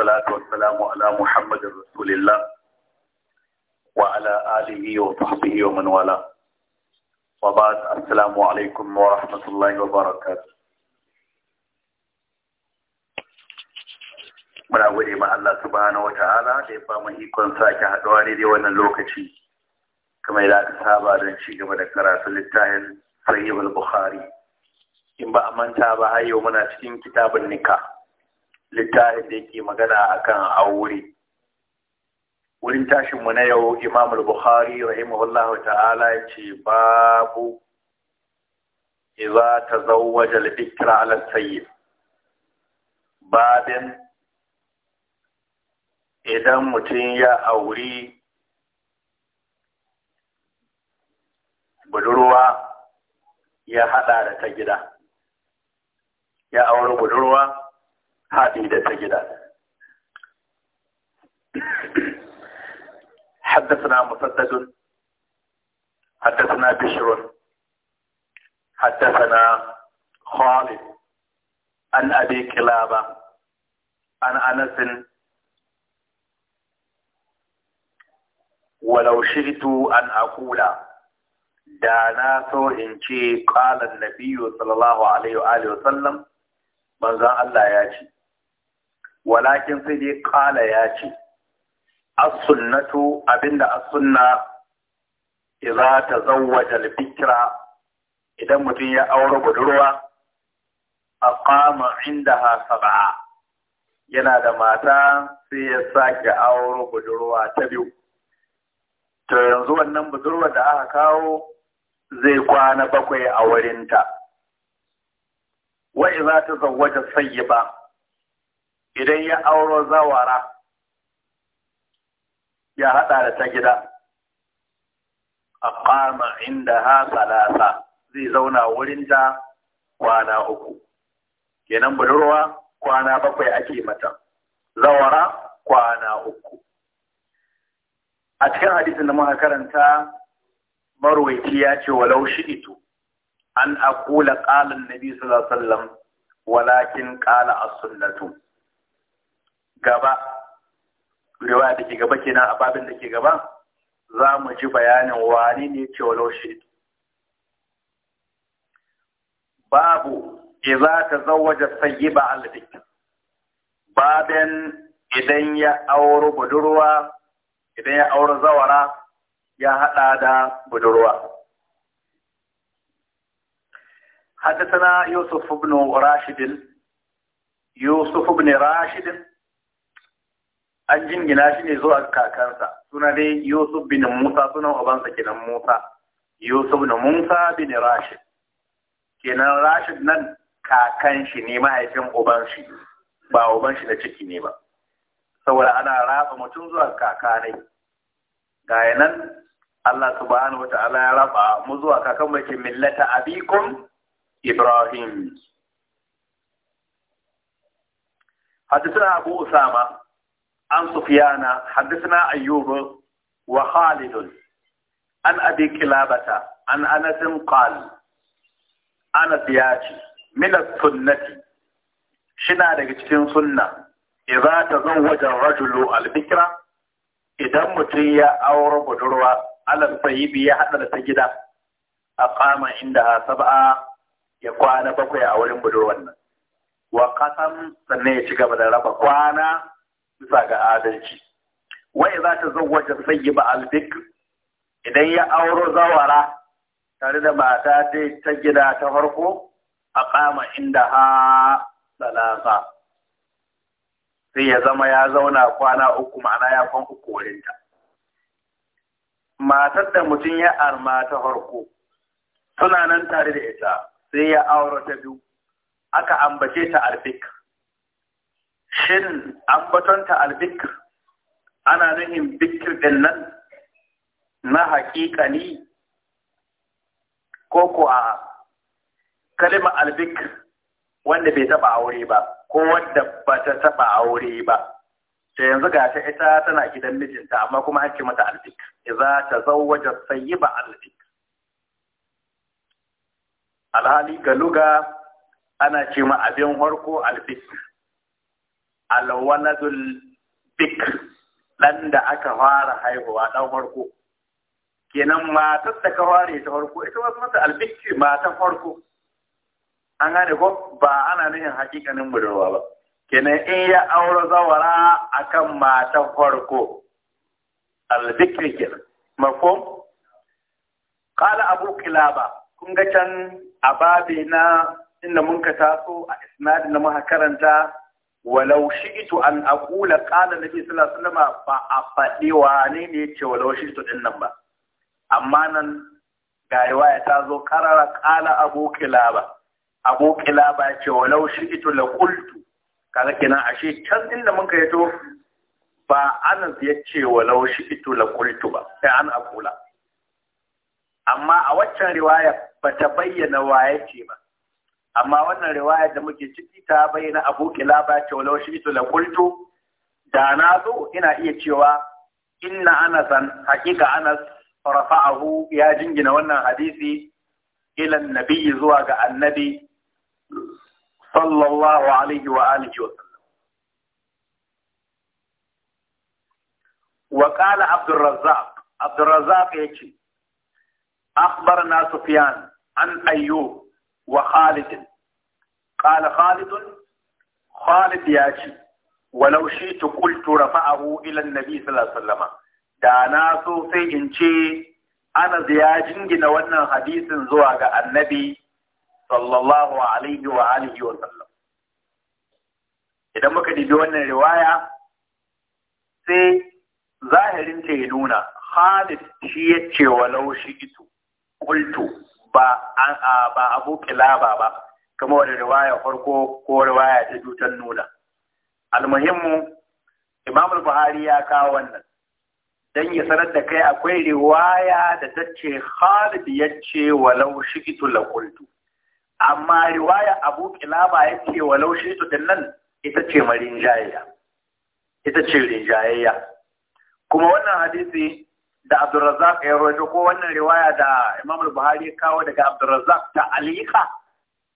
والصلاة والسلام على محمد رسول الله وعلى آله وصحبه ومن والاه وبعد السلام عليكم ورحمة الله وبركاته muna gode ma Allah subhanahu wata'ala da ya bamu ikon sake haɗuwa daidai wannan lokaci kamar da aka saba don ci gaba da karatu littafin sahih al-bukhari in ba a manta ba har yau muna cikin kitabun nika littafin da yake magana akan aure wurin tashin mu na yau Imam al-Bukhari rahimahullahu ta'ala ce babu idza tazawwaja al-bikra ala sayyid babin idan mutum ya auri budurwa ya hada da ta gida ya auri budurwa haɗi da ta gida حدثنا مسدد حدثنا بشر حدثنا خالد عن أبي كلابة عن أنس ولو شئت أن أقول دانا سو إن قال النبي صلى الله عليه وآله وسلم من الله ياتي walakin sai dai kala ya ce as-sunnatu abinda as-sunna idza tazawwaja al-fikra idan mutum ya aure budurwa aqama indaha sab'a yana da mata sai ya sake aure budurwa ta biyu to yanzu wannan budurwa da aka kawo zai kwana bakwai a wurinta wa idza tazawwaja sayyiba idan ya auro zawara ya haɗa da ta gida a kama inda ha salasa zai zauna wurin da kwana uku kenan budurwa kwana bakwai ake mata zawara kwana uku a cikin hadisin da muka karanta marwaiti ya ce walau shi'itu an akula qala nabi sallallahu alaihi wasallam walakin kala as-sunnatu gaba riwaya da ke gaba kenan a babin da ke gaba za mu ji bayanin wani ne ce walau shi babu idza tazawwaja sayyiba ba dik babin idan ya auri budurwa idan ya auri zawara ya hada da budurwa حدثنا يوسف بن راشد يوسف بن راشد an jingina shi ne zuwa kakansa suna dai yusuf bin musa sunan ubansa kenan musa yusuf bin musa bin rashid kenan rashid nan kakan shi ne mahaifin uban shi ba uban shi da ciki ne ba saboda ana raba mutum zuwa kakanai gaya nan Allah subhanahu wata'ala ya raba mu zuwa kakan bace millata abikum ibrahim hadithuna abu usama عن سفيان حدثنا أيوب وخالد عن أبي كلابة عن أنس قال أنا سياتي من السنة شنا لكتين سنة إذا تزوج الرجل البكرة إذا متي أو رب جروة على الطيب يحدى السجدة أقام عندها سبعة يقوانا بقي أولين بجروة وقسم سنة يشيك بدروا قوانا bisa ga adalci wai za ta zawwaja sayyiba albik idan ya auro zawara tare da mata ta gida ta farko a kama inda ha salasa sai ya zama ya zauna kwana uku ma'ana ya kwan uku wurinta matar da mutum ya arma ta farko suna nan tare da ita sai ya auro ta biyu aka ambace ta albik shin an ambatonta albikir ana nuhin bikir din nan na haƙiƙani ko ko a kalima albikir wanda bai taɓa aure ba ko wadda ba ta taɓa aure ba sai yanzu ga ta ita tana gidan mijinta amma kuma albikir ce ta zau wajen sayi ba albikir alhali ga luga ana ce ma abin harko albik alwaladul bik dan da aka fara haihuwa dan farko kenan matar da ka ware ta farko ita wasu mata albikci matan farko an gane ko ba ana nufin hakikanin budurwa ba kenan in ya aure zawara akan matan farko albikri kenan mafhum qala abu kilaba kun ga can a babi na inda mun ka taso a isnadin da muka karanta walau itu an kala qala nabi sallallahu alaihi wasallam ba a faɗi wane ne yace walau shi'tu din nan ba amma nan ga riwaya ta zo karara kala abu kilaba abu kilaba ce walau shi'tu la qultu kaga kenan ashe can da muka yato ba anas ya ce walau shi la kultu ba sai an akula amma a waccan riwaya ba ta bayyana waye ce ba amma wannan riwaya da muke ciki ta bayyana abu kilaba ce walau shi to la qultu da na zo ina iya cewa inna anasan haqiqa anas rafa'ahu ya jingina wannan hadisi ila annabi zuwa ga annabi sallallahu alaihi wa alihi wa sallam wa qala abdur razzaq yace akhbarna sufyan an ayyub وخالد قال خالد خالد ياتي ولو شئت قلت رفعه إلى النبي صلى الله عليه وسلم da na so sai in ce Anas ya jingina wannan hadisin zuwa ga annabi sallallahu alaihi wa alihi wa sallam idan muka dibi wannan riwaya sai zahirin ta ya nuna Khalid shi ya ce walau shi ito qultu ba a abu kilaba ba kama wani riwaya farko ko riwaya ta jutan nuna almuhimmu imam buhari ya kawo wannan Don ya sanar da kai akwai riwaya da ta ce Khalid ya ce walau shigitu la amma riwaya Abu Kilaba ya ce walau shigitu din nan ita ce jayayya ita ce rinjayayya kuma wannan hadisi da Abdurrazzaq ya rawaito ko wannan riwaya da Imam Buhari ya kawo daga Abdurrazzaq ta alika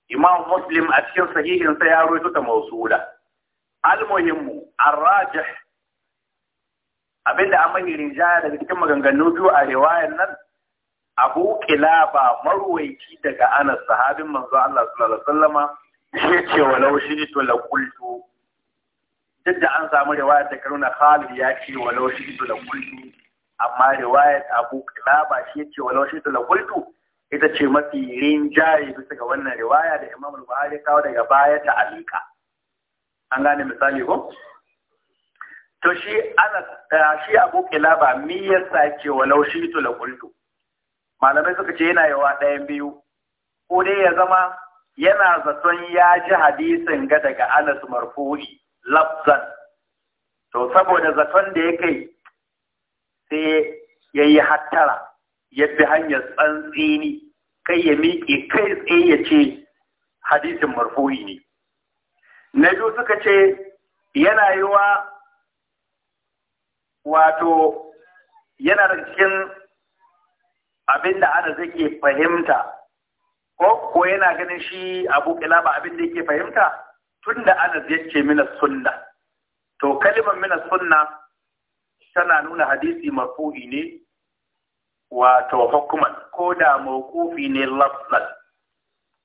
Imam Muslim a cikin sahihin sa ya rawaito ta mausula al-muhimmu ar-rajih abinda amma rinjaya daga cikin maganganu biyu a riwayar nan Abu Kilaba marwayi daga Anas sahabin manzo Allah sallallahu alaihi wasallama shi ce walau shi to la duk da an samu riwaya ta karuna Khalid ya ce walau shi to la amma riwayat abu kilaba shi wa walau shi talaqultu ita ce mafi rinjaye bisa ga wannan riwaya da Imam Buhari kawo daga baya ta alika an gane misali ko to shi ana eh, shi abu kilaba mi yasa ce walau shi talaqultu malamai suka ce yana yawa ɗayan biyu ko dai ya zama yana zaton ya ji hadisin ga daga Anas marfuhi lafzan to saboda zaton da ya kai sai ya yi hattara ya bi hanyar tsantsini kai ya miƙe kai tsaye ya ce hadisin marfoyi ne na biyu suka ce yana yi wa wato yana da cikin abin da ana zai fahimta ko ko yana ganin shi abu kilaba abin da yake fahimta Tunda ana zai ce mina sunna to kalimar mina sunna tana nuna hadisi marfu'i ne wato hukuman ko da mawqufi ne lafzan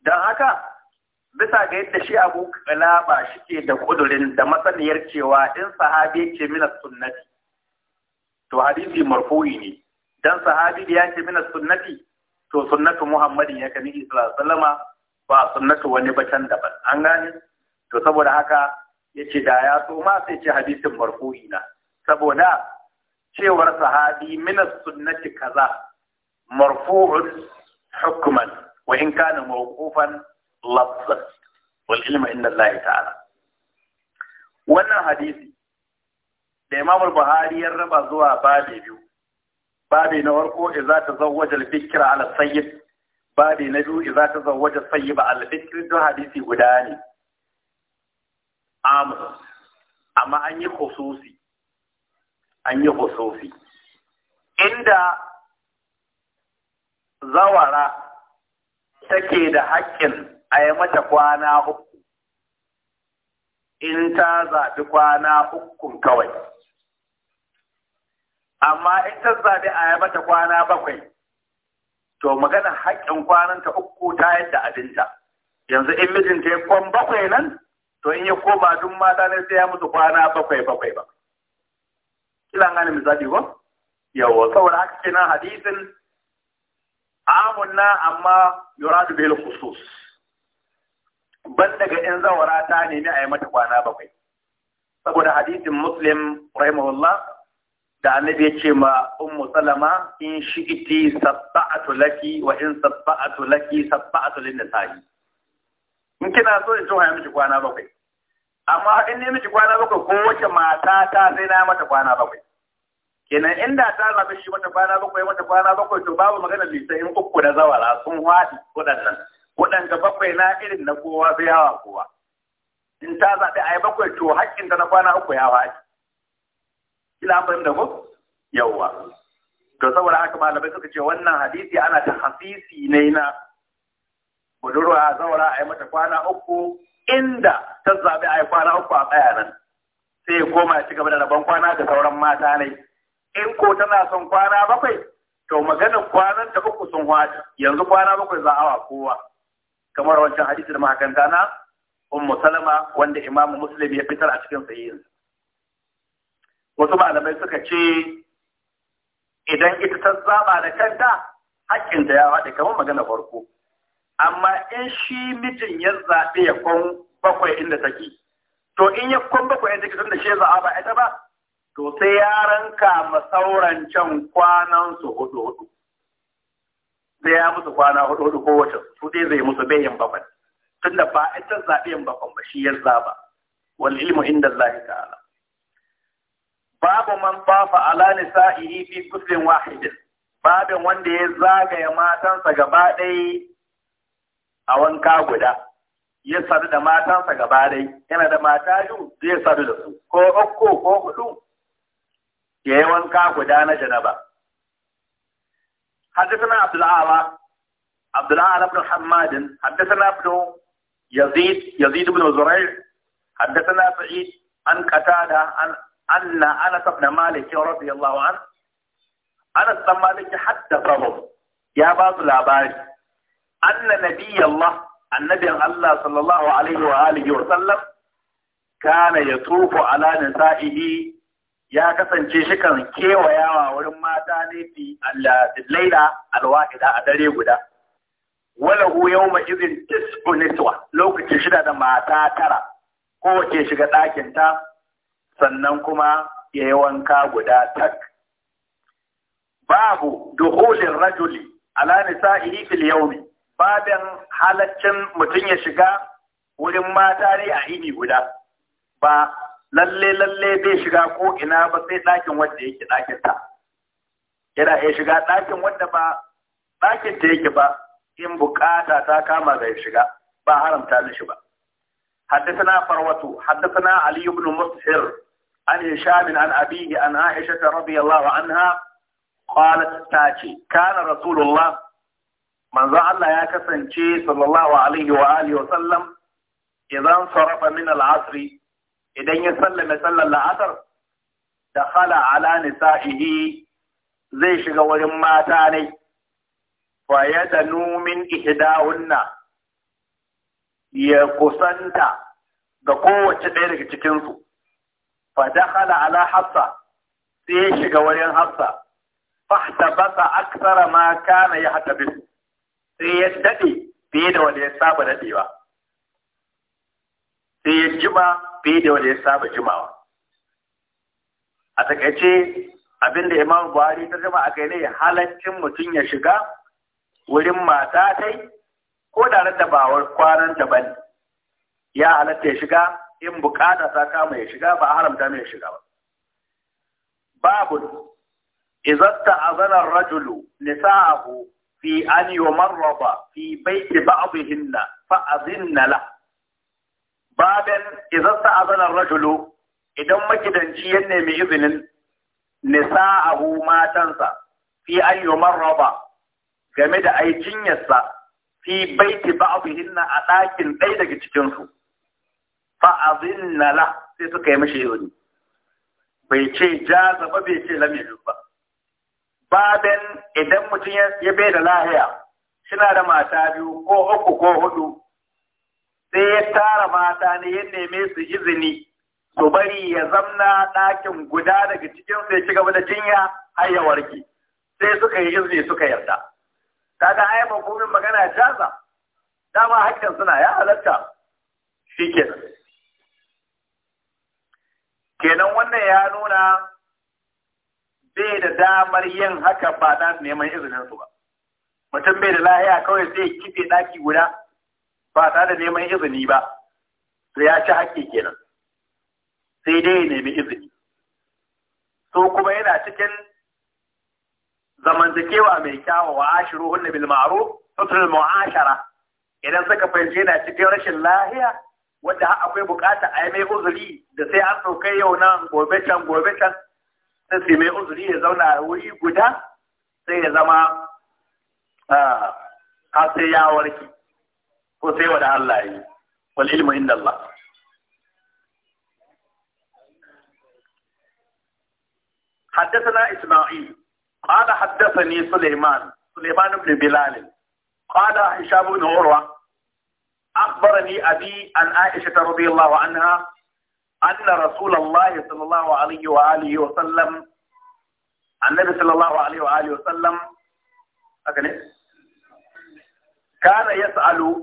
dan haka bisa ga yadda shi Abu Qalaba shike da kudurin da masaniyar cewa in sahabi yake mina sunnati to hadisi marfu'i ne dan sahabi da yake mina sunnati to sunnatu Muhammadin ya kani sallallahu alaihi wasallama ba sunnatu wani ba can daban an gane to saboda haka yace da ya so ma sai ce hadisin marfu'i na saboda cewar sahabi minas sunnati kaza marfu'un hukman wa in kana mawqufan lafzan wal ilma inda Allah ta'ala wannan hadisi da Imam Buhari ya raba zuwa babi biyu babi na farko idza tazawwaja al-fikra ala sayyid babi na biyu idza tazawwaja sayyiba al-fikr da hadisi guda ne amma an yi khususi an yi hususi inda zawara take da haƙƙin a yi mata kwana uku in ta zaɓi kwana uku kawai amma in ta zaɓi a yi mata kwana bakwai to magana haƙƙin kwananta uku ta yadda abinta yanzu in mijinta ya kwan bakwai nan to in ya koma duk mata ne sai ya musu kwana bakwai bakwai bakwai kila gane misali ba? yawa saboda haka kenan hadisin amun na amma yuradu bil khusus ban daga in zawara ta nemi a yi mata kwana bakwai saboda hadisin muslim rahimahullah da annabi ya ce ma ummu salama in shi'iti sabba'atu laki wa in sabba'atu laki sabba'atu lin nisa'i in kina so in tuha miki kwana bakwai amma in ne miki kwana bakwai ko wace mata ta sai na mata kwana bakwai kenan inda ta zaɓi shi mata kwana bakwai mata kwana bakwai to babu magana lisa in uku da zawara sun waɗi waɗannan waɗanda bakwai na irin na kowa sai yawa kowa in ta zaɓi ai bakwai to haƙƙinta na kwana uku ya waɗi kila an fahimta ko yawwa to saboda haka malamai suka ce wannan hadisi ana ta hasisi ne na budurwa zawara a yi mata kwana uku inda ta zaɓi a yi kwana uku a tsaya nan sai ya koma ya ci gaba da rabon kwana ga sauran mata ne in ko tana son kwana bakwai to maganar kwanan da uku sun wace yanzu kwana bakwai za a wa kowa kamar wancan hadisi da makanta na ummu salama wanda imamu muslim ya fitar a cikin sahihinsa wasu malamai suka ce idan ita ta zaba da kanta hakkinta ya waɗe kamar magana farko amma in shi mijin ya zaɓe ya kwan bakwai inda take to in ya kwan bakwai inda take da shi a ba ita ba to sai ya ranka masauran can kwanan su hudu hudu sai ya musu kwana hudu hudu ko wacce su dai zai musu bayan bakwai da ba ita yin bakwai ba shi ya zaɓa wal ilmu inda Allah ta'ala babu man fafa ala nisa'ihi fi kusurin wahidin babin wanda ya zagaya matansa gaba ɗaya a wanka guda ya sadu da matansa gaba dai yana da mata biyu zai sadu da su ko uku ko hudu ya yi wanka guda na janaba حدثنا عبد الأعلى عبد الأعلى بن حماد حدثنا ابن يزيد يزيد بن زريع حدثنا سعيد عن قتادة عن أن أنس بن مالك رضي الله عنه أنس بن مالك حدثهم يا بعض الأباري anna nabiyallah annabin Allah sallallahu alaihi wa alihi wa sallam kana yatufu ala nisa'ihi ya kasance shi kan kewayawa wurin mata ne fi laila alwahida a dare guda walahu yawma idhin tis'u niswa lokaci shida da mata tara kowace shiga ɗakin ta sannan kuma ya yi wanka guda tak babu duhulin rajuli ala nisa'ihi fil yawmi babin halaccin mutum ya shiga wurin mata ne a ini guda ba lalle lalle bai shiga ko ina ba sai ɗakin wanda yake ɗakin ta yana ya shiga ɗakin wanda ba ɗakin ta yake ba in bukata ta kama zai shiga ba haramta shi ba حدثنا فروة حدثنا علي بن مسهر عن هشام عن أبيه عن عائشة رضي الله عنها قالت تاتي كان رسول الله manzon Allah ya kasance sallallahu alaihi wa alihi wa sallam idan sarafa min al-asr idan ya sallame sallar la'asar dakhala ala nisa'ihi zai shiga wurin mata ne fa yadanu min ihdahunna ya kusanta ga kowace ɗaya daga cikin su fa dakhala ala hafsa sai shiga wurin hafsa fahtabasa aksara ma kana yahtabisu sai ya daɗe fiye da wanda ya saba daɗewa sai ya jima fiye da wanda ya saba jimawa a takaice abinda imam buhari ta jama a kai ne halaccin mutum ya shiga wurin mata dai ko da da bawar kwanan ta bane ya halatta ya shiga in bukata ta kama ya shiga ba haramta mai shiga ba babu izatta azanar rajulu nisa'ahu fi an yumarraba fi baiti ba'dihinna fa azinna la baben idan sa'azana rajulu idan magidanci ya nemi izinin nisa'ahu matansa fi an yumarraba game da aikin yassa fi baiti ba'dihinna a ɗakin ɗaya daga cikin su fa azinna la sai suka yi mishi izini bai ce ja gaba bai ce lam ba Baben idan mutum ya bai da lahiya suna da mata biyu ko uku ko hudu sai ya tara mata ne ya neme su izini su bari ya zamna ɗakin guda daga cikin sai ci gaba da jinya har ya warke sai suka yi izini suka yarda kaga ai makomin magana jaza dama hakkin suna ya halatta shikenan kenan wannan ya nuna bai da damar yin haka ba za su neman izinin su ba mutum bai da lahiya kawai sai kife daki guda ba tare da neman izini ba to ya ci haƙƙi kenan sai dai ya nemi izini so kuma yana cikin zamantakewa mai kyawa wa ashiru hunna bil ma'ruf sutul mu'ashara idan suka fahimci yana cikin rashin lahiya wadda akwai bukata a yi mai uzuri da sai an sauka yau nan gobe can gobe can sai su mai uzuri ya zauna a wuri guda sai ya zama a sai ya warki ko sai wada Allah yi wal ilmu inda Allah حدثنا إسماعيل قال حدثني سليمان سليمان بن بلال قال هشام بن عروة أخبرني أبي عن عائشة رضي الله عنها anna rasulullahi sallallahu alaihi wa alihi wa sallam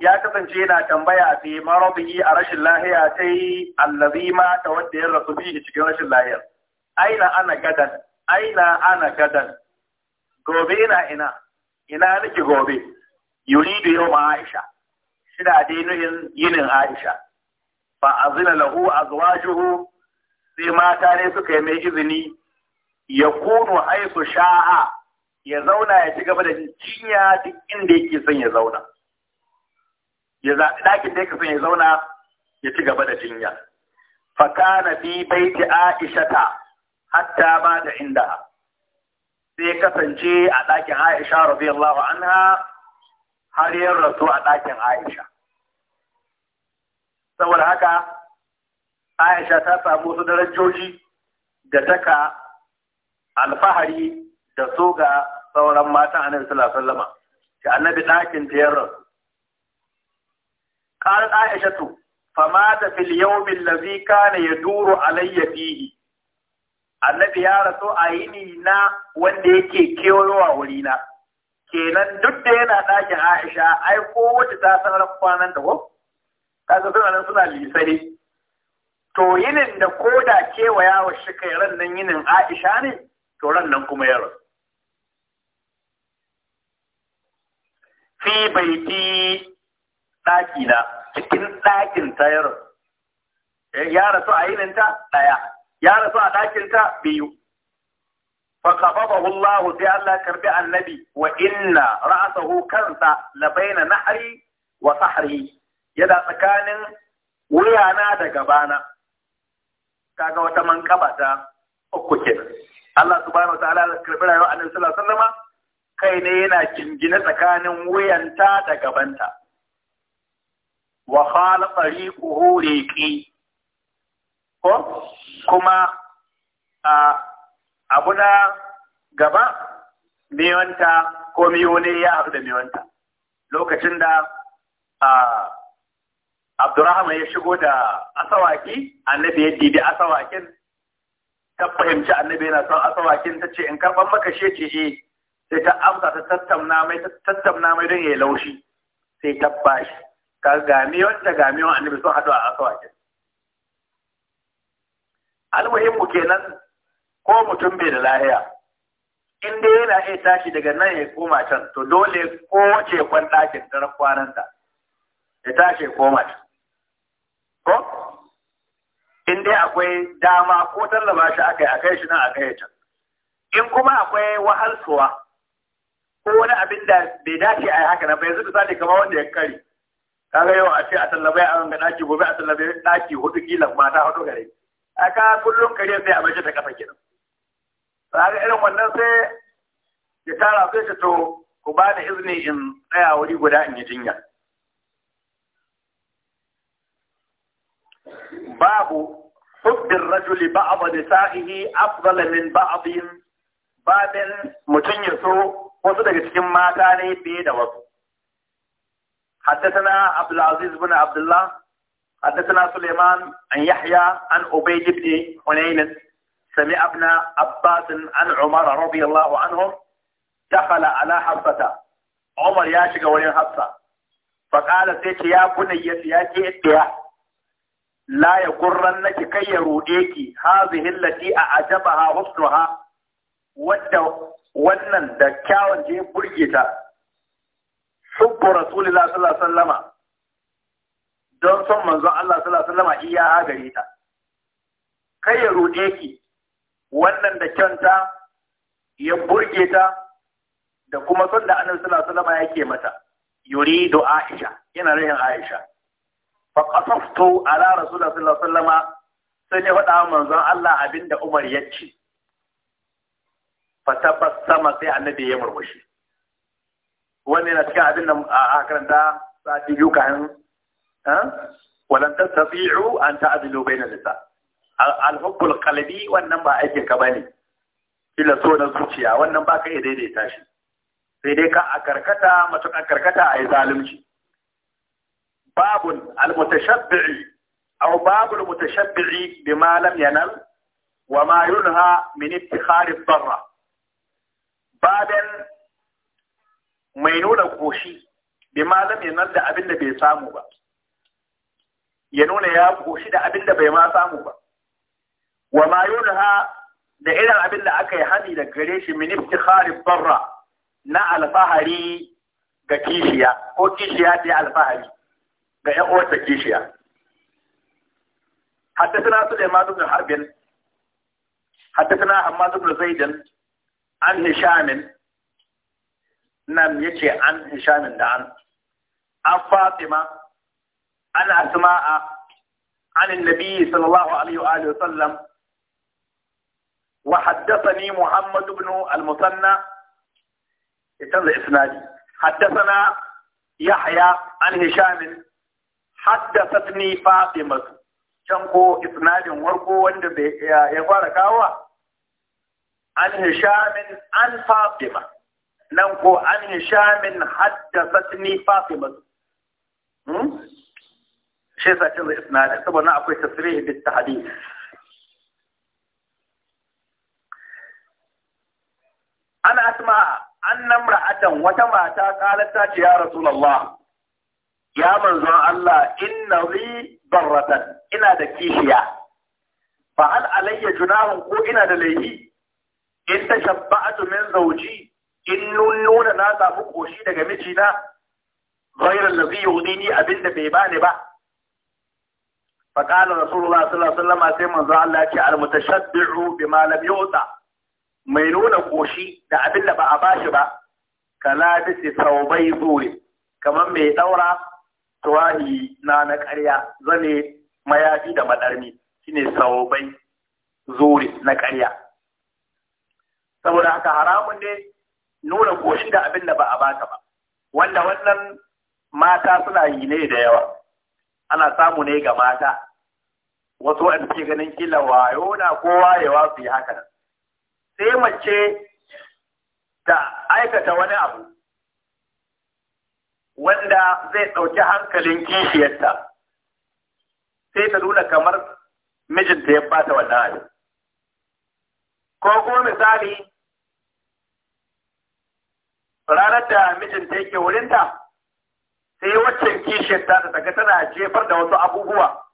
ya kasance yana tambaya fi maradihi a rashin lahiya tai allazi ma ta wanda ya rasu bihi cikin rashin lahiyar aina ana ana gadan gobe ina ina ina nake gobe yuridu aisha shida dai yinin aisha fa azina lahu azwajuhu sai mata ne suka yi mai izini ya kunu haisu sha'a ya zauna ya ci gaba da jinya duk inda yake son ya zauna ya zaɓi ɗakin da yake son ya zauna ya ci gaba da jinya fa kana fi baiti aishata hatta ba da inda sai kasance a ɗakin aisha radiyallahu anha har yin rasu a ɗakin aisha saboda haka Aisha ta sami wasu darajoji da taka alfahari da su ga sauran matan annabi sallallahu alaihi wasallam ki annabi dakin ta yarra qalat Aisha tu famata fil yawm allazi ya yaduru alayya fihi annabi ya rasu a yini na wanda yake kewayowa wuri na kenan duk da yana ɗakin Aisha ai ko wata ta sanar kwanan da ko kaga suna nan suna lisai to yinin da koda kewaya wa shi kai ran nan yinin Aisha ne to ran nan kuma ya rasu fi baiti ɗaki na cikin ɗakin ta ya rasu ya rasu a yinin ta ɗaya ya rasu a ɗakin ta biyu فقبضه الله تعالى كرب النبي وإن رأسه كنت لبين نحري وصحري yana tsakanin wuyana da gabana kaga wata mankaba ta uku kenan Allah subhanahu wa ta'ala da karbi rayuwar annabi sallallahu alaihi wasallam kai ne yana jingine tsakanin wuyanta da gabanta wa khala tariquhu riqi ko kuma a abu na gaba miyonta ko miyone ya haɗu da miyonta lokacin da a Abdurrahman ya shigo da asawaki annabi ya dibi asawakin ta fahimci annabi yana son asawakin ta ce in karɓar maka shi ce eh sai ta amsa ta tattamna mai ta tattamna mai don ya laushi sai ta bashi ka game wanda gami wa annabi sun haɗu a asawakin almuhimmu kenan ko mutum bai da lahiya in dai yana iya tashi daga nan ya koma can to dole ko ce kwan ɗakin ta kwananta ya tashi ya koma can ko in dai akwai dama ko tallaba shi aka yi a akai shi nan akai can in kuma akwai wahalsuwa ko wani abin da bai dace a yi haka na bai yanzu sani kamar wanda ya kare ga yau a ce a tallabai a ranga daki gobe a tallabai daki hudu kila mata hudu gare aka kullum kare sai a bace ta kasa kenan ga irin wannan sai ya tara sai ta to ku ba da izini in tsaya wuri guda in yi jinya باب حب الرجل بعض نسائه افضل من بعض باب متن يسو wasu daga cikin mata ne fiye da wasu. Haddasana Abdulaziz bin Abdullah, haddasana Suleiman an Yahya an Ubaid ibn Unayn sami abna an Umar radiyallahu anhu dakhala ala Hafsata. Umar ya shiga wurin Hafsa. Fa sai sai ya bunayya ya ke tiya la ya kurran naki kai ya ruɗe ki hazihi allati a ajabaha husnuha wannan da kyawun je burge ta subbu rasulillah sallallahu alaihi don son manzon Allah sallallahu alaihi wasallama iya ta kai ya ruɗe ki wannan da kyanta ya burge ta da kuma son da yake mata yuridu aisha yana rahin aisha fa qasaftu ala rasulullah sallallahu alaihi wasallama manzon Allah abinda Umar ya ce fa tabassama sai annabi ya murmushi wannan yana cikin abin da a karanta sati biyu kan walan tastati'u an ta'dilu bayna nisa al-hubbul wannan ba aikin ka bane illa so na zuciya wannan ba ka iya daidaita shi sai dai ka a karkata matuƙar karkata a yi zalunci باب المتشبع أو باب المتشبع بما لم ينل وما ينهى من اتخاذ الضرة باب مينون قوشي بما لم ينل دا أبن نبي سامو با ينون يا قوشي دا أبن نبي ما سامو با وما ينهى دا إلى أبن لأكي هني دا قريش من اتخاذ الضرة نا الفهري قكيشيا قكيشيا دي الفهري ga ‘yan uwarta kishiya. حدثنا سليمان بن حرب حدثنا حماد بن زيد عن هشام نعم يجي عن هشام عن عن فاطمة عن أسماء عن النبي صلى الله عليه وآله وسلم وحدثني محمد بن المثنى يتنزل إسنادي حدثنا يحيى عن هشام haddathatni Fatima can ko isnadin warko wanda bai ya fara kawa an hishamin an Fatima nan ko an hishamin haddathatni Fatima hmm shi yasa cin isnadin saboda akwai tasrih bit tahdith ana asma annan ra'atan wata mata qalat ta ce ya rasulullah ya manzon Allah inna li barratan ina da kishiya fa hal alayya junahun ko ina da laifi in ta shabba'atu min zawji in nuna na samu koshi daga mijina ghayra allazi yudini abinda bai bani ba fa qala rasulullah sallallahu alaihi wasallam sai manzon Allah ya ce al bima lam yu'ta mai nuna koshi da abinda ba a bashi ba kala da saubai zuri kamar mai daura tuwahi na na ƙarya zane mayafi da madarmi shine sawabai zuri na ƙarya saboda haka haramun ne nuna goshi da abin da ba a baka ba wanda wannan mata suna yi ne da yawa ana samu ne ga mata wasu wanda suke ganin kila wayo na ko wayewa su yi haka nan sai mace ta aikata wani abu wanda zai ɗauki hankalin kishiyarta sai ta nuna kamar mijinta ya bata wannan abin ko kuma misali ranar da mijinta yake wurinta sai waccan kishiyarta ta daga tana jefar da wasu abubuwa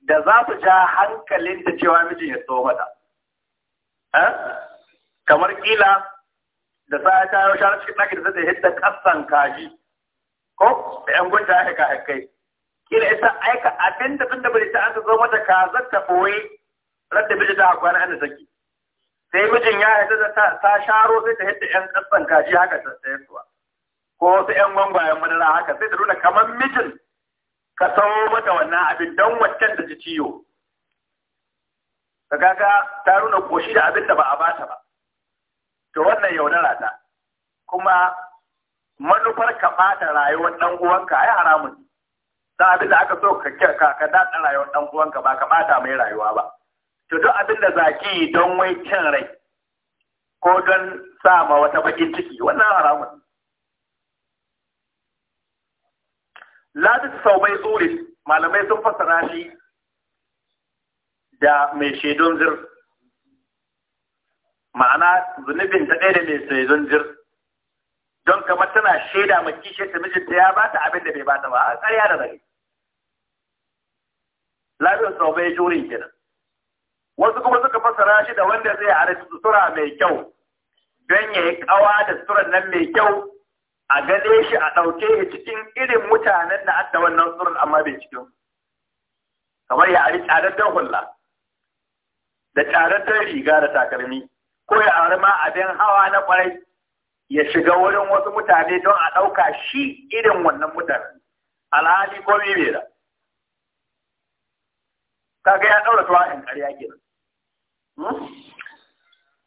da za su ja hankalinta cewa mijin ya tsoho mata kamar kila da sa ta yau shara cikin ɗakin da zai hidda kasan kaji ko da yan gunta aka ka kai kila isa aika abin da tun da bai ta aka zo mata ka zata boye radda biji ta kwana ana saki sai mijin ya yarda da ta sharo sai ta hidda yan kasan kaji haka ta sayarwa ko wasu yan gwangwayen madara haka sai ta nuna kamar mijin ka sawo mata wannan abin don waccan da ji ciwo ka kaga ta nuna koshi da abin da ba a bata ba to wannan yaudara ta kuma manufar ka ɓata rayuwar ɗan uwanka ai haramun da abin da aka so ka ka ka daɗa rayuwar ɗan uwanka ba ka ɓata mai rayuwa ba to duk abin da zaki don wai cin rai ko don sa ma wata bakin ciki wannan haramun lazis sau bai tsuris malamai sun fassara shi da mai shaidon zir ma'ana zunubin ta ɗaya da mai shaidon zir don kamar tana shaida ma kishe ta mijinta ya bata ta abin da bai bata ba a ƙarya da zai lafiyar sau bai jurin kenan wasu kuma suka fasara shi da wanda zai a rashin sutura mai kyau don ya yi kawa da suturan nan mai kyau a gane shi a ɗauke shi cikin irin mutanen da adda wannan suturan amma bai cikin kamar ya ari tsadaddan hulla da tsadaddan riga da takalmi ko ya ari ma abin hawa na kwarai ya shiga wurin wasu mutane don a ɗauka shi irin wannan mutane alhali komi bai da kaga ya ɗaura tuwa in ƙarya nan. Hmm?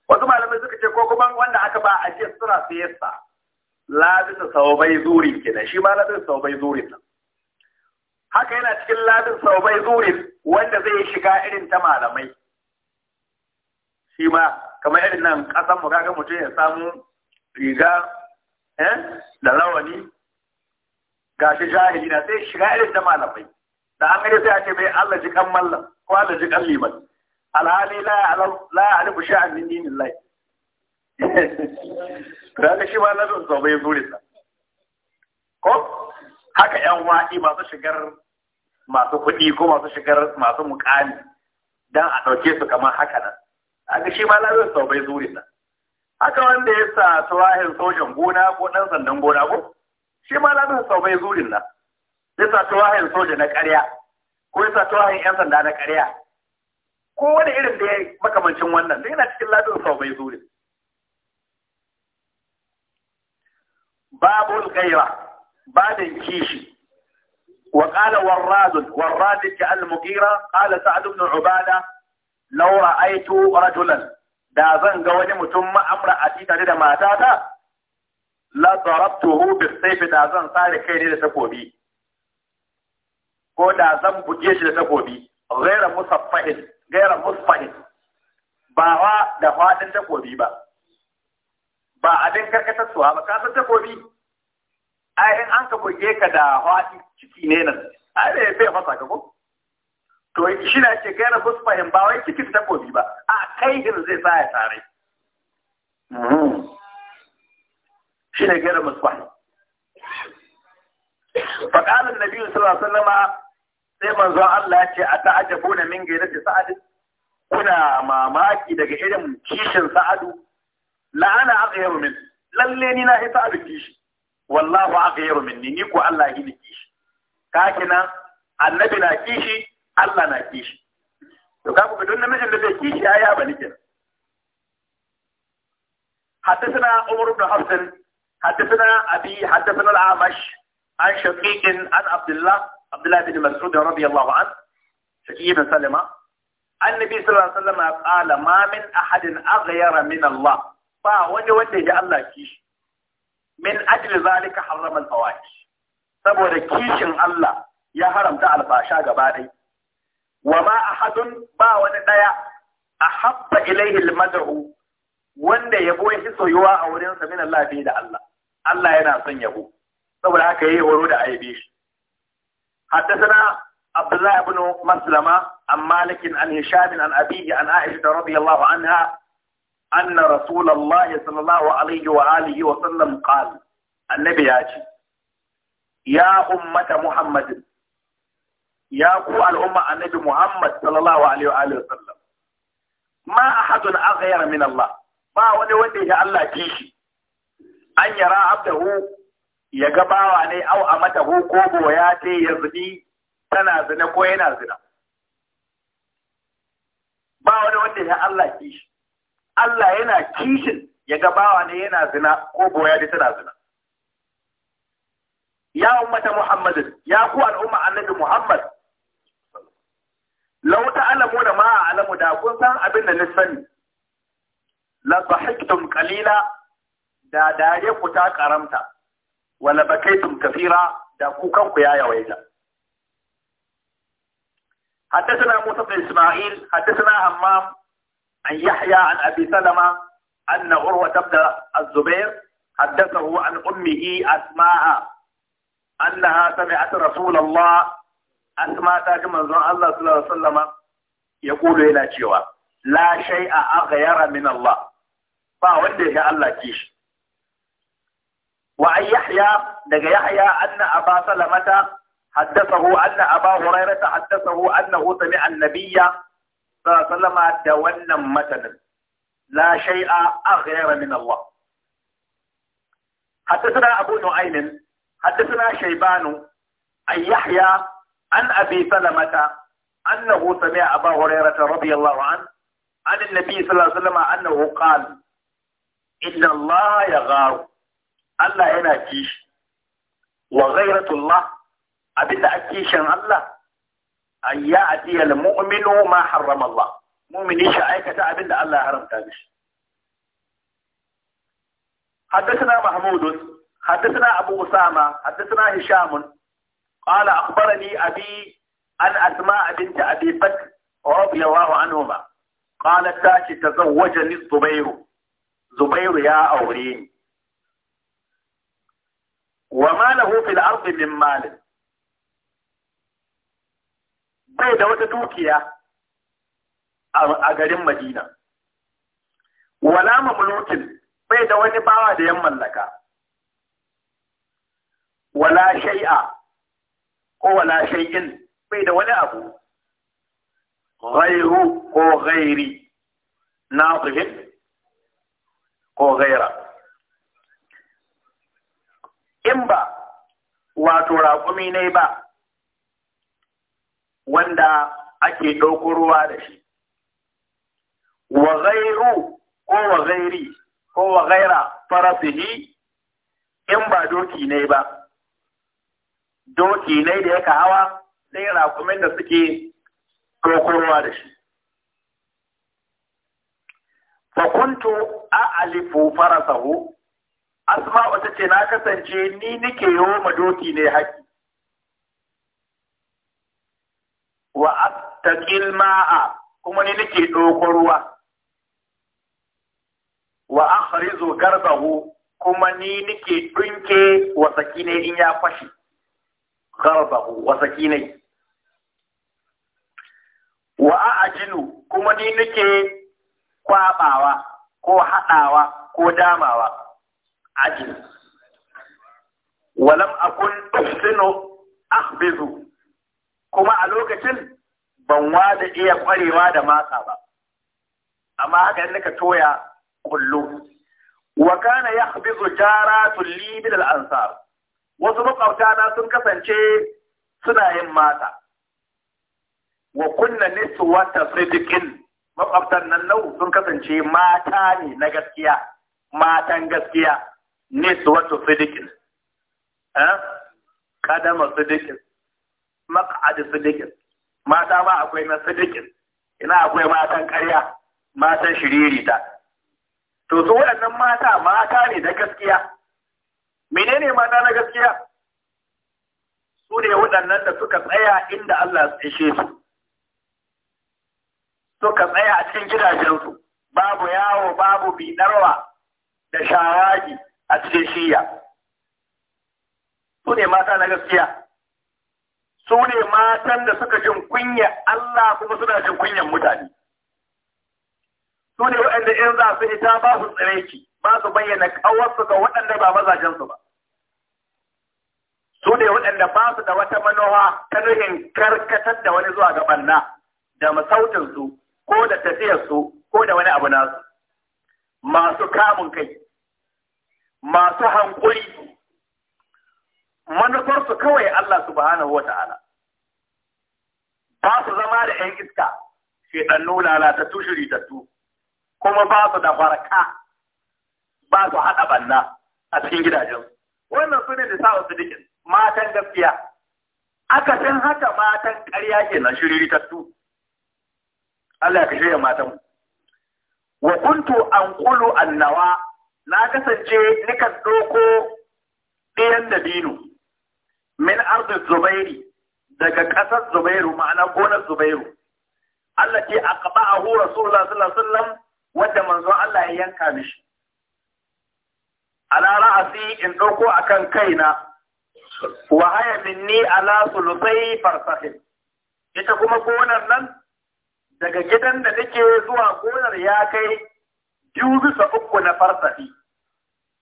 wasu malamai suka ce ko kuma wanda aka ba a ce suna siyasa labisa saubai zuri kenan shi ma labisa saubai zuri nan haka yana cikin labin saubai zuri wanda zai shiga irin ta malamai shi ma kamar irin nan ƙasan mu kaga mutum ya samu riga eh, da rawani gashi jahili na sai shiga irin da malamai da an gani sai ake ce Allah ji kan mallam ko Allah ji kan liman alhali la la alifu sha'an min dinin lai da ga shi ba na zo bai zuri sa ko haka yan wa'i masu shigar masu kuɗi ko masu shigar masu mukami dan a dauke su kamar haka nan a ga shi ma na zo bai zuri sa haka wanda ya sa tawahin sojan gona ko ɗan sandan gona ko shi ma lamin sau bai zurin nan ya sa tawahin soja na ƙarya ko ya sa tawahin 'yan sanda na ƙarya ko wani irin da ya yi makamancin wannan da yana cikin lamin sau bai zurin babul gaira badin kishi وقال وراد وراد كالمغيرة قال سعد بن عبادة لو رأيت رجلا da zan ga wani mutum ma'amra a tare da matata la hu bi sayfi da zan sare kai ne da takobi ko da zan buge shi da takobi ghaira musaffahin ghaira musaffahin ba wa da fadin takobi ba ba abin karkatar suwa ba ka san takobi ai in an ka buge ka da fadi ciki ne nan ai bai fasa ka ko to shi na ke gaira fusfahin ba wai cikin takobi ba a kai hin zai sa ya tare hmm. shi ne gaira fahim faƙalin nabi sallallahu alaihi sai manzo Allah ce a ta'ajabu kuna min gaira ta sa'adu kuna mamaki daga irin kishin sa'adu la'ana aghayru min lalle ni na hita Sa'adu kishi wallahu aghayru min ni ko Allah gini kishi kakinan annabi na kishi Allah na kishi to ka kuma don namijin da bai kishi ya ya bani kenan حدثنا عمر بن حفص حدثنا أبي حدثنا الأعمش عن شقيق عن عبد الله عبد الله بن مسعود رضي الله عنه شقيق بن سلمة النبي صلى الله عليه وسلم قال ما من أحد أغير من الله فهو وجه الله كيش من أجل ذلك حرم الفواحش saboda kishin Allah ya haramta albasha gaba ɗaya wa ma ahadun ba wani ɗaya, ahabba ilaihi almadahu wanda ya fi soyuwa a wurin sa lafiya da Allah Allah yana son yabo saboda haka yi horo da aibe shi حدثنا عبد الله بن مسلمة عن مالك عن هشام عن أبيه عن عائشة رضي الله عنها أن رسول الله صلى الله عليه وآله وسلم قال النبي ياتي يا أمة محمد ya ku al'umma annabi Muhammad sallallahu alaihi wa alihi wa wasallam ma ahadun aghyara min Allah ba wani wanda ya Allah kishi an yara abdahu ya gabawa ne au a mata ko ko ya ce ya zubi tana zina ko yana zina ba wani wanda ya Allah kishi Allah yana kishin ya gabawa ne yana zina ko boya ce tana zina ya ummata muhammadin ya ku al'umma annabi muhammad لو تعلموا ما أعلموا دا قلت أبنى نسفني لضحكتم قليلا دا دا يقتا كرمتا ولبكيتم كثيرا دا كوكم قيايا ويجا حدثنا موسى بن إسماعيل حدثنا همام عن يحيى عن أبي سلمة أن عروة بن الزبير حدثه عن أمه أسماء أنها سمعت رسول الله an kuma ta ji manzon Allah sallallahu alaihi wasallama ya kudo yana cewa la shay'a aghyara min Allah ba wanda ya Allah kishi wa an yahya daga yahya anna aba salamata haddathahu anna aba hurairata haddathahu annahu sami'a an sallallahu alaihi wasallama da wannan matanin la shay'a aghyara min Allah حدثنا أبو نعيم حدثنا شيبان أن يحيى عن أبي سلمة أنه سمع أبا هريرة رضي الله عنه عن النبي صلى الله عليه وسلم أنه قال إن الله يغار الله هنا كيش وغيرة الله أبدا أكيشا الله أن يأتي المؤمن ما حرم الله مؤمن إيش أيكة أبدا الله حرم تابش حدثنا محمود حدثنا أبو أسامة حدثنا هشام قال أخبرني أبي عن أسماء بنت أبي بكر رضي الله عنهما قالت تاتي تزوجني الزبير زبير يا أوريني وما له في الأرض من مال bai da wata dukiya a garin Madina. Wala mamlukin bai da wani bawa da yan mallaka. Wala shai'a ko wala shay'in bai da wani abu ghayru ko ghairi naqih ko ghaira in ba wato raƙumi ne ba wanda ake ɗauko ruwa da shi wa ghairu ko wa ghairi ko wa ghaira farasihi in ba doki ne ba doki ne da yaka hawa sai rakumin da suke kokorwa da shi fa kuntu a'alifu farasahu asma'u ce na kasance ni nike yo ma doki ne haƙi wa attaqil ma'a kuma ni nike ɗokorwa. wa akhrizu garbahu kuma ni nike dinke wa sakine in ya fashe gharbahu wa sakinai wa a'jilu kuma ni nake kwabawa ko haɗawa ko damawa ajil walam akun uhsinu ahbizu kuma a lokacin ban wada iya kwarewa da maka ba amma haka yadda ka toya kullu wa kana yahbizu jaratul li bil ansar wasu makwabtana sun kasance suna yin mata wa kunna wata fridikin makwabtan nan nau sun kasance mata ne na gaskiya matan gaskiya nisu wata fridikin kadama sidiqin maq'ad fridikin mata ma akwai na fridikin ina akwai matan ƙarya matan shiririta to su waɗannan mata mata ne da gaskiya menene mata na gaskiya su ne waɗannan da suka tsaya inda Allah ya ishe su suka tsaya a cikin gidajensu babu yawo babu bidarwa da shawagi a cikin shiya su ne mata na gaskiya su ne matan da suka jin kunya Allah kuma suna jin kunyan mutane su ne waɗanda in za su ita ba su tsireki ba su bayyana kawarsu ga waɗanda ba mazajensu ba su ne waɗanda ba su da wata manowa ta nuhin karkatar da wani zuwa ga ɓanna da masautinsu ko da tafiyarsu ko da wani abu nasu masu kamun kai masu hankuri manufarsu kawai Allah subhanahu wa ta'ala ba su zama da ‘yan iska shedannu lalatattu shiritattu kuma ba su da farka ba su haɗa banna a cikin gidajen wannan su ne da sa wasu dikin matan gaskiya Aka san haka matan ƙarya kenan shiriritattu Allah ka shirya matan wa kuntu An-kulu annawa na kasance nika doko ɗiyan dabino min arzu zubairi daga ƙasar zubairu ma'ana gonar zubairu Allah ce a ke a hura sallallahu alaihi wasallam wanda manzon Allah ya yanka mishi ala ra'asi in ɗauko akan kaina wa haya minni ala sulusai farsahin ita kuma gonar nan daga gidan da take zuwa gonar ya kai biyu bisa uku na farsahi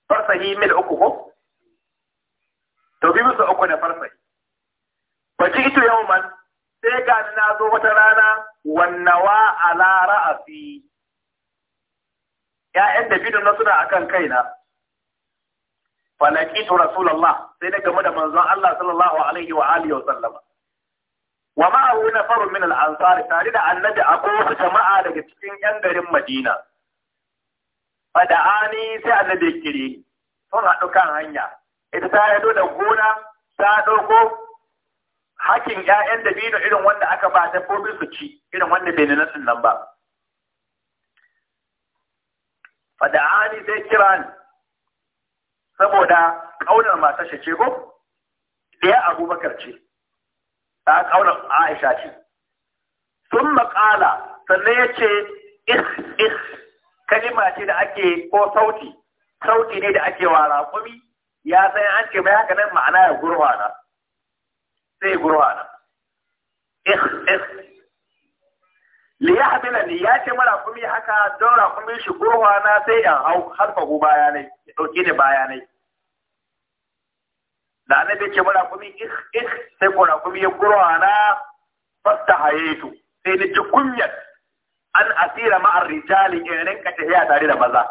farsahi mil uku ko to biyu bisa uku na farsahi baji ito yau man sai ga na zo wata rana wannawa ala ra'asi ya'yan da bidon na suna akan kaina to rasulullah sai na game da manzon Allah sallallahu alaihi wa alihi wa sallama wa ma'ahu nafar min al-ansar tare da annabi akwai wasu jama'a daga cikin yan garin Madina fada'ani sai annabi kire sun haɗu kan hanya ita ta yado da gona ta ɗauko hakin ƴaƴan dabino irin wanda aka ba dabbobi su ci irin wanda bai nuna nan ba Fadani sai kira ni saboda ƙaunar matar shi ce ko ɗaya abubakar ce ta ƙaunar aisha ce sun maƙala sannan ya ce is is kalima ce da ake ko sauti sauti ne da ake wara kumi ya san an ce mai haka nan ma'ana ya gurwana sai gurwana is is liyahmila ni ya ce mara kuma haka don rakumin shi gurwa na sai in hau har fago bayanai ya dauke ni bayanai da annabi ce mara kuma ik ik sai ko rakumi ya gurwa na fasta hayetu sai ni ci kunyar an asira ma'ar rijali in rinka tafiya tare da maza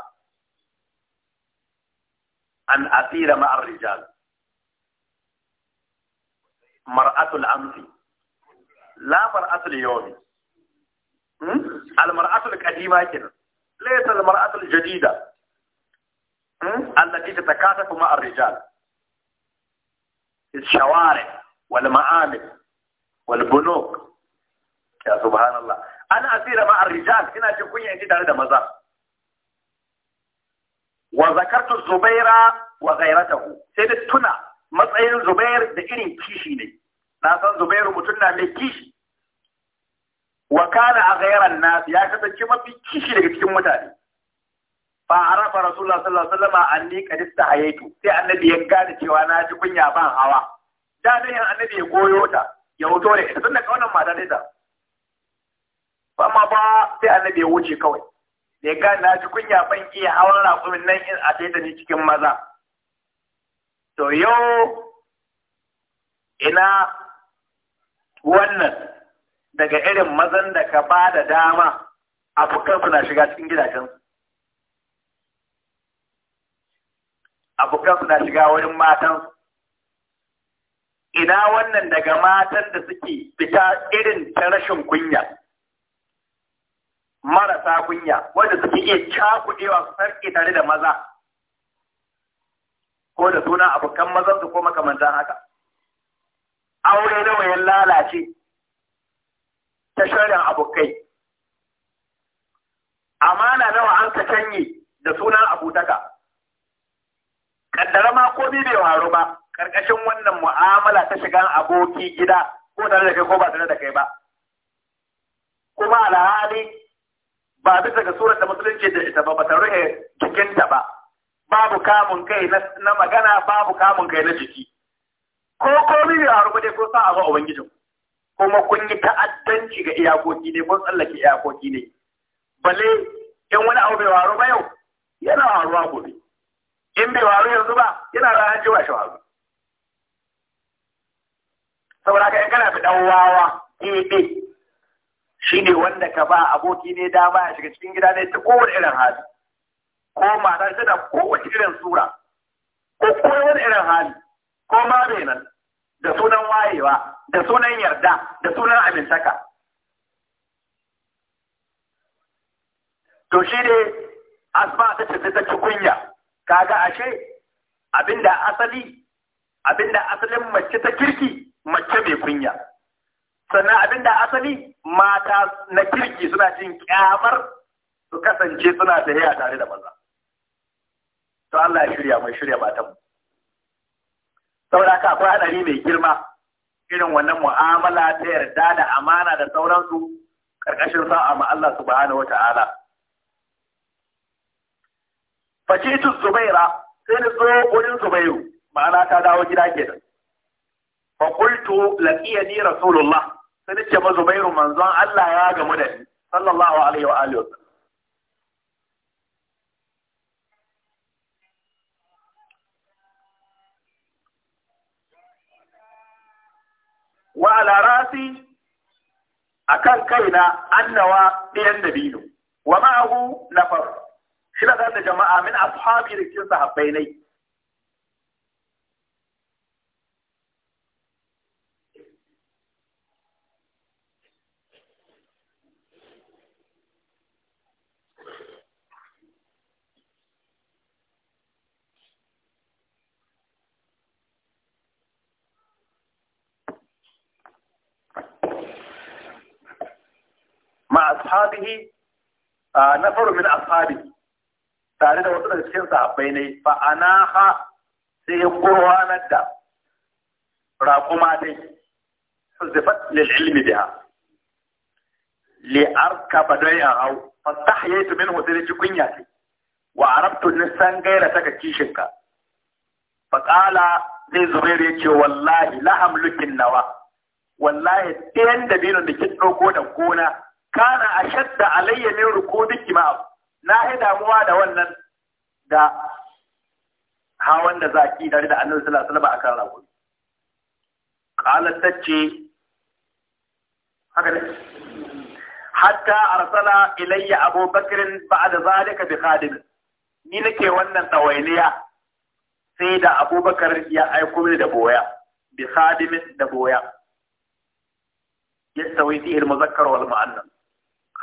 an asira ma'ar rijali mar'atul amsi la mar'atul yawmi المرأة القديمة كنا ليس المرأة الجديدة التي تتكاتف مع الرجال الشوارع والمعامل والبنوك يا سبحان الله أنا أسير مع الرجال هنا تكون عندي دار مزار وذكرت الزبير وغيرته سيد matsayin Zubair الزبير دائرين kishi ne na san Zubairu mutum wa kana a gairan nasu ya kasance mafi kishi daga cikin mutane fa arafa rasulullah sallallahu alaihi wasallam anni qad istahaytu sai annabi ya gane cewa na ji kunya ban hawa da dai annabi ya goyo ta ya wuto ne ita da kaunan mata ne ta ba ma ba sai annabi ya wuce kawai da ya gane na ji kunya ban iya hawan raƙumin nan in a taita ni cikin maza to yau ina wannan daga irin mazan da ka ba da dama abokansu na shiga cikin gidajensu abokansu na shiga wurin matansu ina wannan daga matan da suke fita irin ta rashin kunya marasa kunya wanda suke iya cakudewa su sarki tare da maza ko da suna abokan mazan su ko makamantan haka aure nawa ya lalace ta sharin abokai amana nawa an ka canye da sunan abutaka kaddara ma ko bi bai waru ba karkashin wannan mu'amala ta shiga aboki gida ko tare da kai ko ba tare da kai ba kuma alhali ba bisa ga surar da musulunci da ita ba ba ta rufe jikinta ba babu kamun kai na magana babu kamun kai na jiki ko ko bi bai waru ba dai ko sa a ba ubangijinku kuma kun yi ta'addanci ga iyakoki ne kun tsallake iyakoki ne Bale, in wani abu bai waru ba yau yana waruwa gobe in bai waru yanzu ba yana ranar jiwa shi waru saboda ka in kana fi dan wawa ɗebe eh, eh, shi ne wanda ka ba aboki ne dama ya shiga cikin gida ne ta kowane irin hali ko matar da kowace irin sura ko kowane irin hali ko ma nan da sunan wayewa da sunan yarda da sunan amintaka to shi ne asma ta ce ta kunya kaga ashe abinda asali abinda asalin mace ta kirki mace mai kunya sannan abinda asali mata na kirki suna jin kyamar su kasance suna tafiya tare da maza to Allah ya shirya mai shirya matan saboda haka akwai hadari mai girma irin wannan mu'amala ta yarda da amana da sauransu ƙarƙashin sa'a ma Allah subhanahu wata'ala. Fashitu Zubaira sai ni zo wurin Zubairu ma'ana ta dawo gida kenan. Fa qultu laqiyani Rasulullah sai ni ce ma Zubairu manzon Allah ya gamu da ni sallallahu alaihi wa alihi wa sallam. wa ala rasi akan kaina annawa ɗayan dabino wa ma'ahu nafar shi da jama'a min ashabi da cikin sahabbai nai ma ashabihi na faru min ashabi tare da wasu daga cikin sahabbai ne fa anaha sai ya gurwanar da raƙuma dai zifat lil ilmi biha li arkaba dai a hau fastahyaitu minhu sai ji kunya ce wa arabtu nisan gaira saka kishinka fa qala zai ya ce, wallahi la nawa wallahi ɗayan dabinon da kin ɗauko da gona kana shadda alayya ruku duki ma na yi damuwa da wannan da hawan da zaki da da annabi sallallahu alaihi wasallam akan rago qalat tace haka ne hatta arsala ilayya Abu Bakr ba'da zalika bi khadim ni nake wannan tsawailiya sai da Abubakar ya aiko mini da boya bi khadim da boya yastawi fi al-muzakkar wal mu'annas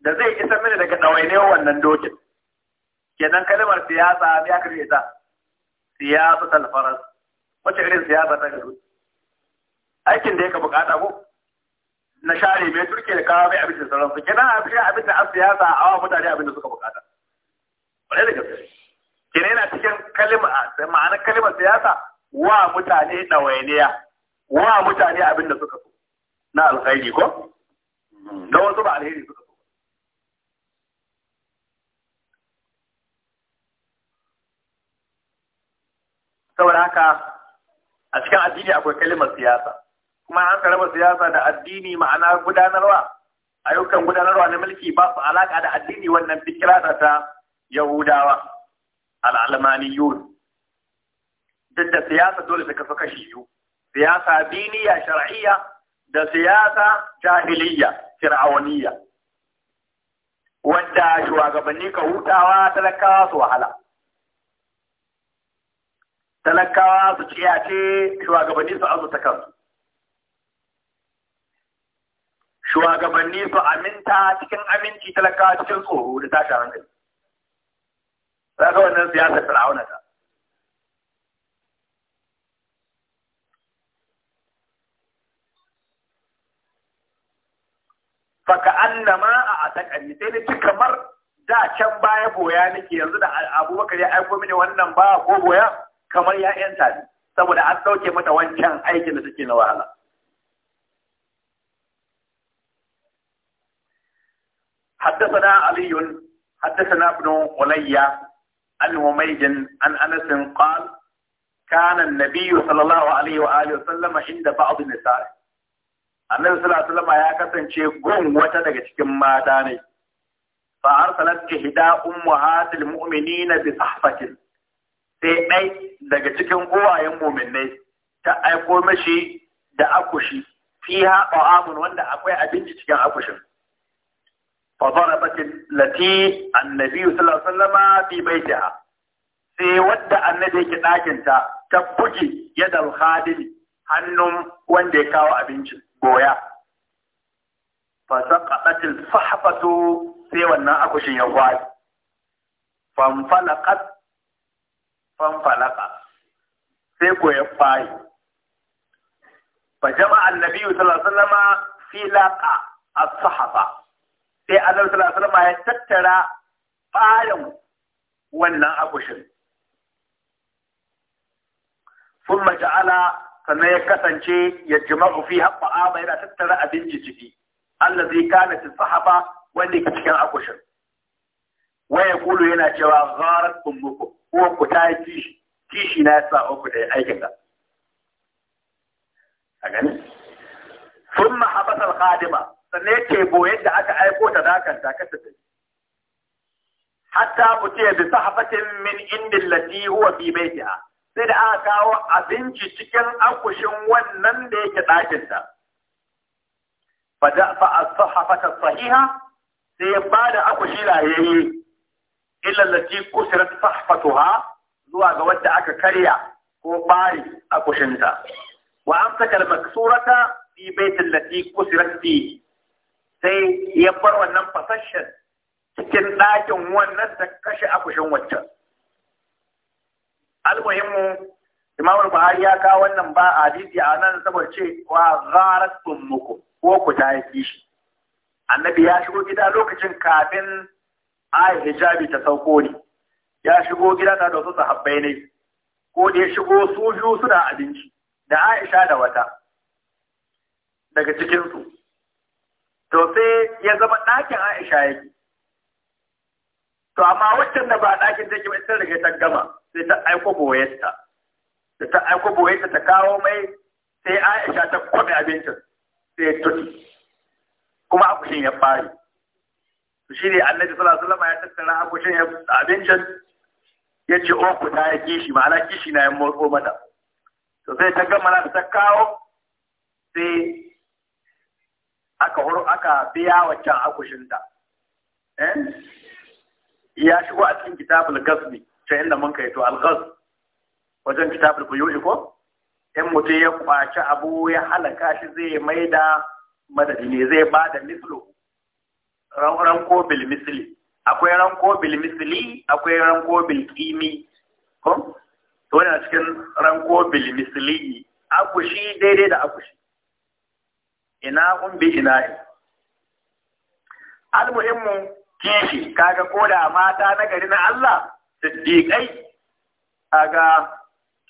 da zai isa mini daga ɗawaine wannan dokin kenan kalmar siyasa ya aka rike ta siyasa talfaras wacce irin siyasa ta gari aikin da ka bukata ko na share mai turke da kawo mai abin da sauransu kenan a cikin abin da an siyasa a awa mutane abin da suka bukata kwarai da gaske kenan yana cikin kalmar, ma'anar kalmar siyasa wa mutane ɗawainiya wa mutane abin da suka so na alkhairi ko na wasu ba alheri suka saboda haka a cikin addini akwai kalimar siyasa kuma an raba siyasa da addini ma'ana gudanarwa ayyukan gudanarwa na mulki ba su alaka da addini wannan fikira da ta yahudawa al'almaniyun duk da siyasa dole ta kasu kashi biyu siyasa diniya shar'iyya da siyasa jahiliyya fir'auniyya Wanda shugabanni ka hutawa talakawa su wahala talakawa su ce, shugabanni su azuta kansu shugabanni su aminta cikin aminci talakawa cikin tsoro da tashi hankali za ga wannan siyasar fir'auna ta Baka annama a atakari sai da kamar da can baya boya nake yanzu da abubakar ya aiko mini wannan ba ko boya kamar ya yanta ne saboda an dauke mata wancan aikin da suke na wahala. حدثنا علي حدثنا ابن علي عن هميد عن انس قال كان النبي صلى الله عليه واله وسلم عند بعض النساء annabi sallallahu alaihi wasallam ya kasance gun wata daga cikin mata ne fa arsalat ihda ummahatil mu'minina bi sahfatin sai ɗai daga cikin uwayen mominai ta aiko mashi da akushi fiha ta'amun wanda akwai abinci cikin akushin Fazara batin lati annabi sallallahu sallama fi bai baitiha sai wadda annabi yake ɗakinta ta ta buge yadda khadili hannun wanda ya kawo abinci goya fa saqatat al sai wannan akushin ya kwali fanfalaqat fanfalaka sai goyen bayi fa jama'a annabi sallallahu alaihi wasallama fi laqa sahaba sai annabi sallallahu alaihi wasallama ya tattara bayan wannan agushin sun maja'ala sannan ya kasance ya jima'u fi haɓɓa yana tattara abinci ciki Allah zai kana sahaba wanda ke cikin agushin wa Kulu yana cewa gharat ummukum ko ku ta kishi kishi na yasa uku da aikin ka a gani thumma habasa al-qadima sannan yake boye da aka aiko ta dakan ta kasa ta hatta ku ce bi sahabatin min indil lati huwa fi baitiha sai da aka kawo abinci cikin akushin wannan da yake ɗakin ta fa da fa as-sahafata sahiha sai ya bada akushi lahiyayye illa allati kusirat sahfatuha zuwa ga wadda aka karya ko bari a kushinta wa amsaka al-maksurata fi baitin allati kusirat fi sai ya bar wannan fasashen cikin ɗakin wannan da kashe a kushin waccan al Buhari ya kawo wannan ba a hadisi a nan saboda ce wa gharat muku, ko ku ta yi shi. Annabi ya shigo gida lokacin kafin ai hijabi ta sauko ne ya shigo gida ta da wasu sahabbai ne ko da ya shigo su biyu suna abinci da Aisha da wata daga cikinsu to sai ya zama ɗakin Aisha yake to amma waccan da ba ɗakin take ba ita rage ta gama sai ta aiko boyarta da ta aiko boyarta ta kawo mai sai Aisha ta kwabe abincin sai ya tuti. kuma akushin ya fari shi ne annabi sallallahu alaihi wasallam ya tattara abokin ya abincin ya ce o oh, ku ta kishi ma'ana kishi na ya motso mata to sai ta gama na ta kawo sai aka horo aka biya waccan akushinta eh ya shigo a cikin kitabul gasmi ta inda mun kai to al gas wajen kitabul buyu'i ko in mutum ya kwaci abu ya halaka shi zai maida madadi ne zai ba da mislo ranko bil misli akwai ranko bil misli akwai ranko bil qimi ko to yana cikin ranko bil misli akushi daidai da akushi ina kun bi ina almuhimmu kishi kaga koda mata na gari na Allah siddiqai kaga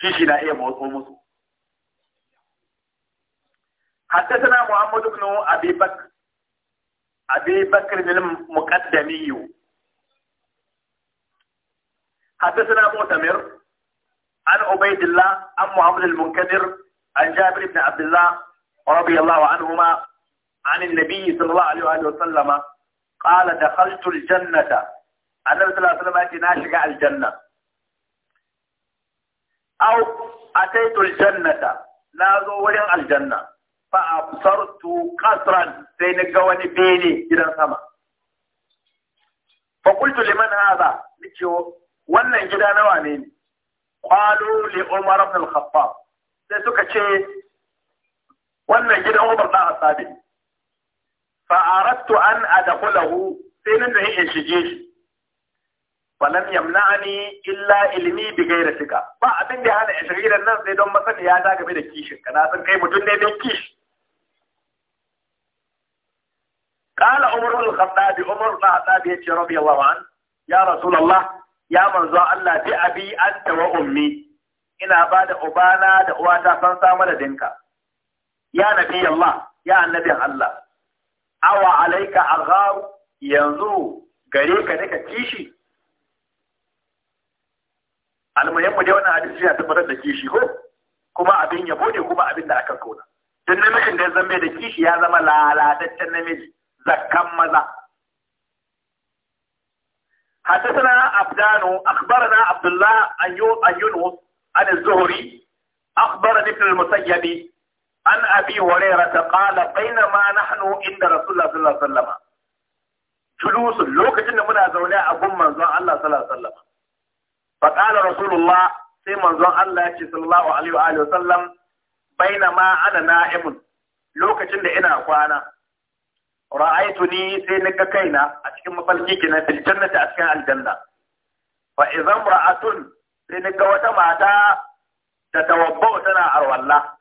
kishi na iya motso musu حدثنا محمد بن ابي بكر أبي بكر المقدمي حدثنا مؤتمر عن عبيد الله عن محمد المنكدر عن جابر بن عبد الله رضي الله عنهما عن النبي صلى الله عليه وآله وسلم قال دخلت الجنة النبي صلى الله عليه وسلم أتي ناشق الجنة أو أتيت الجنة نازو ولن الجنة fa absartu qasran sai na ga wani bene gidan sama fa qultu liman hadha nace wannan gida nawa ne ne qalu li umar ibn al-khattab sai suka ce wannan gidan umar da asabi fa aradtu an adkhulahu sai nan da in shige shi walam yamna'ani illa ilmi bi ghairi sika ba abin da ya hana in shiga gidan nan sai don masaniya ta game da kishin kana san kai mutum ne mai kishi قال عمر بن الخطاب عمر بن الخطاب يتي رضي الله عنه يا رسول الله يا من زو الله بأبي أنت وأمي ina ba da ubana da uwata san samu da dinka ya nabi Allah ya annabi Allah awa alaika aghar yanzu gare ka nika kishi almuhim mu dai wannan hadisi ya tabbatar da kishi ko kuma abin yabo ne kuma abin da aka kona dan namijin da zan mai da kishi ya zama lalataccen namiji zakkan maza حدثنا عبدان أخبرنا عبد الله أن يونس عن الزهري أخبرني ابن المسيب عن أبي هريرة قال بينما نحن عند رسول الله صلى الله عليه وسلم جلوس لوكتنا منا زولا أبو منزون الله صلى الله عليه وسلم فقال رسول الله سي منزون الله صلى الله عليه وآله وسلم بينما أنا نائم لوكتنا إنا أخوانا ra'aitu ni sai na ga kaina a cikin mafarki kina fil jannati a cikin aljanna fa idan ra'atun sai na ga wata mata ta tawabba'u tana arwalla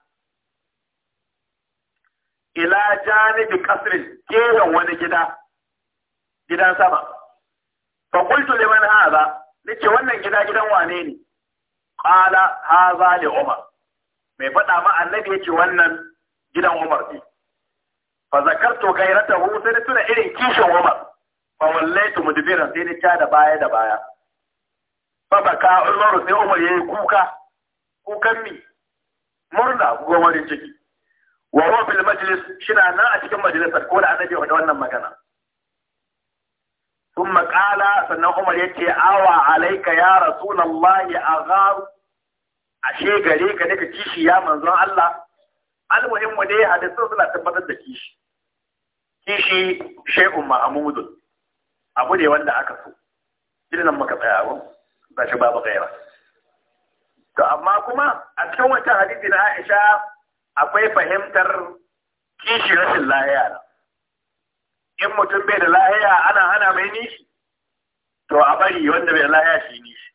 ila janibi kasrin kewan wani gida gidan sama fa qultu liman hadha nace wannan gida gidan wane ne qala hadha li umar mai faɗa ma annabi yace wannan gidan umar ne fa zakartu gairatahu sai da tuna irin kishin Umar fa wallaitu mudbiran sai da ta da baya da baya fa baka Umar sai Umar yayi kuka kukan mi murna gomarin ciki wa huwa fil majlis shina nan a cikin majalisar ko da annabi ya wannan magana ثم قال sannan Umar yace awa alaika ya rasulullahi aghar ashe gare ka daga kishi ya manzon Allah almuhim wa dai hadisin suna tabbatar da kishi kishi shay'un ma'amudun abu ne wanda aka so irin nan muka tsaya ba ba shi babu gaira to amma kuma a cikin wancan hadisi na Aisha akwai fahimtar kishi rashin lahiya na in mutum bai da lahiya ana hana mai nishi to a bari wanda bai da lahiya shi nishi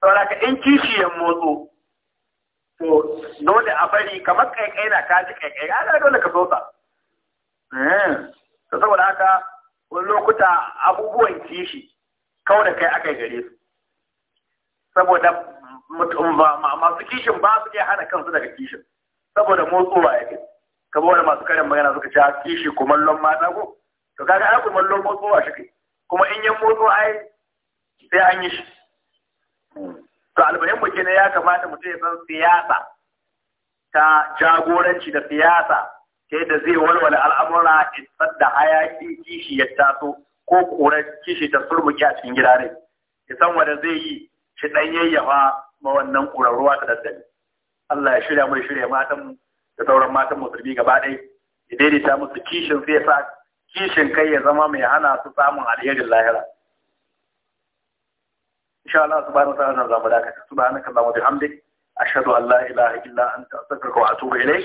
saboda in kishi ya motso to dole a bari kamar kai na kaji kai ana dole ka so sa Hmm. to saboda haka wani lokuta abubuwan kishi kawai da kai aka gare su saboda masu kishin ba su iya hana kansu daga kishin saboda motsowa yake kamar wani masu karin magana suka ce ah, kishi kumallon mata ko to kaga ai kumallon motsowa shi ke. kuma in yan motsu ai sai an yi shi to albayin mu kenan ya kamata mutum ya san siyasa ta jagoranci da siyasa sai da zai walwala al'amura isar da hayaki kishi ya taso ko kura kishi ta surmuki a cikin gida ne ya san wanda zai yi shi dan yayyafa ma wannan kurar ruwa ta daddare Allah ya shirya mai shirya matan da sauran matan musulmi gaba ɗaya ya daidaita musu kishin sai sa kishin kai ya zama mai hana su samun alherin lahira insha Allah subhanahu wa ta'ala zamu dakata subhanaka allahumma bihamdik ashhadu an la ilaha illa anta astaghfiruka wa atubu ilayk